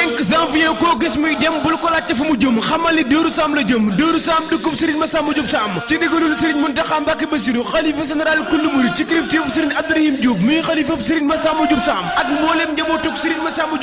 cinq janvier koo gis muy dem bul ko laajte fu mu jëm xamal ni Daaru Saam la jëm Daaru Sam ci ndigalul Serigne Mountakha Mbacké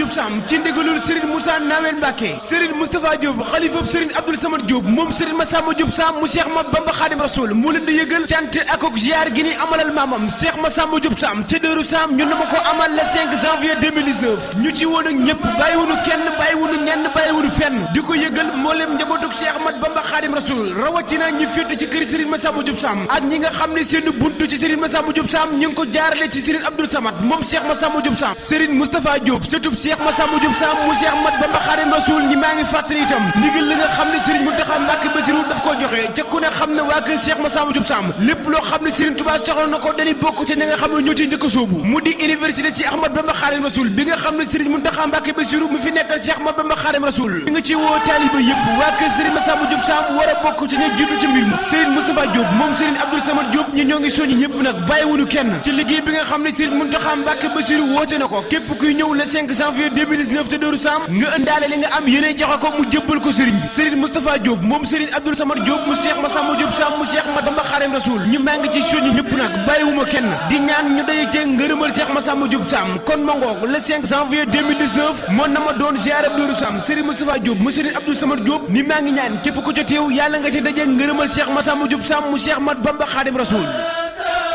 Sam ci ndigalul Serigne Moussa Nawel Mbacké Serigne Moustapha Diop xalifab Serigne Abdoul Samad Diop moom Serigne Massamba Diop Sam mu Cheikh ma Bamba Khadim Rasoul moo leen di yëgal cant ak ak ziar gi ni amalal maamam Cheikh Massamba Diop Sam ca Daaru Saam ñu na ma ko amal le 5 janvier 2019 ñu ci woon ak ñëpp bàyyiwunu kenn kenn bàyyiwunu ñenn bàyyiwunu fenn di ko yëgal mboolem njabootuk Cheikh Ahmad Bamba Xaadim Rasul rawatina ñu féete ci kër Serigne Massamba Diop Sam ak ñi nga xam ne seen buntu ci Serigne Massamba Diop Sam ñu ngi ko jaarale ci Serigne Abdoul Samad moom Cheikh Massamba Diop Sam Serigne Moustapha Diop sëtub Cheikh Massamba Diop Sam mu Cheikh Ahmad Bamba Xaadim Rasul ñi maa ngi fàttali itam ndigal li nga xam ne Serigne Mountakha Mbacké Bassirou ko joxee ca ne xam ne waa kër Cheikh Massamba Diop Samb lépp loo xam ne Serigne Touba soxla na ko dañuy bokk ci ñi nga xam ne ñoo ci njëkk a mu di université Cheikh Ahmadou Bamba Khadim Rasoul bi nga xam ne Serigne Mountakha Mbacké Bassirou mu fi nekkal Cheikh Ahmadou Bamba Khadim Rasoul mi nga ci woo taaliba yëpp waa kër Serigne Massamba Diop Samb war a bokk ci ñi jiitu ci mbir mi Serigne Moustapha Diop moom Serigne Abdoul Samad Diop ñi ñoo ngi soññi ñëpp nag bàyyiwuñu Omar mu Cheikh ma Samba Diop Sam mu Cheikh ma Bamba Xaadimu Rasuul ñu maa ngi ci soñu ñëpp nag bàyyiwuma kenn di ñaan ñu daje ci ngërëmal Cheikh ma Samba Diop sàmm kon ma ngoog le 5 janvier 2019 moon na ma doon ziyaare Daaru Sam Serigne Moustapha Diop mu Serigne Abdou Samad Diop ni maa ngi ñaan képp ko ca teew yàlla nga ci daje ngërëmal Cheikh ma Samba Diop Sam mu Cheikh ma Bamba Xaadimu Rasuul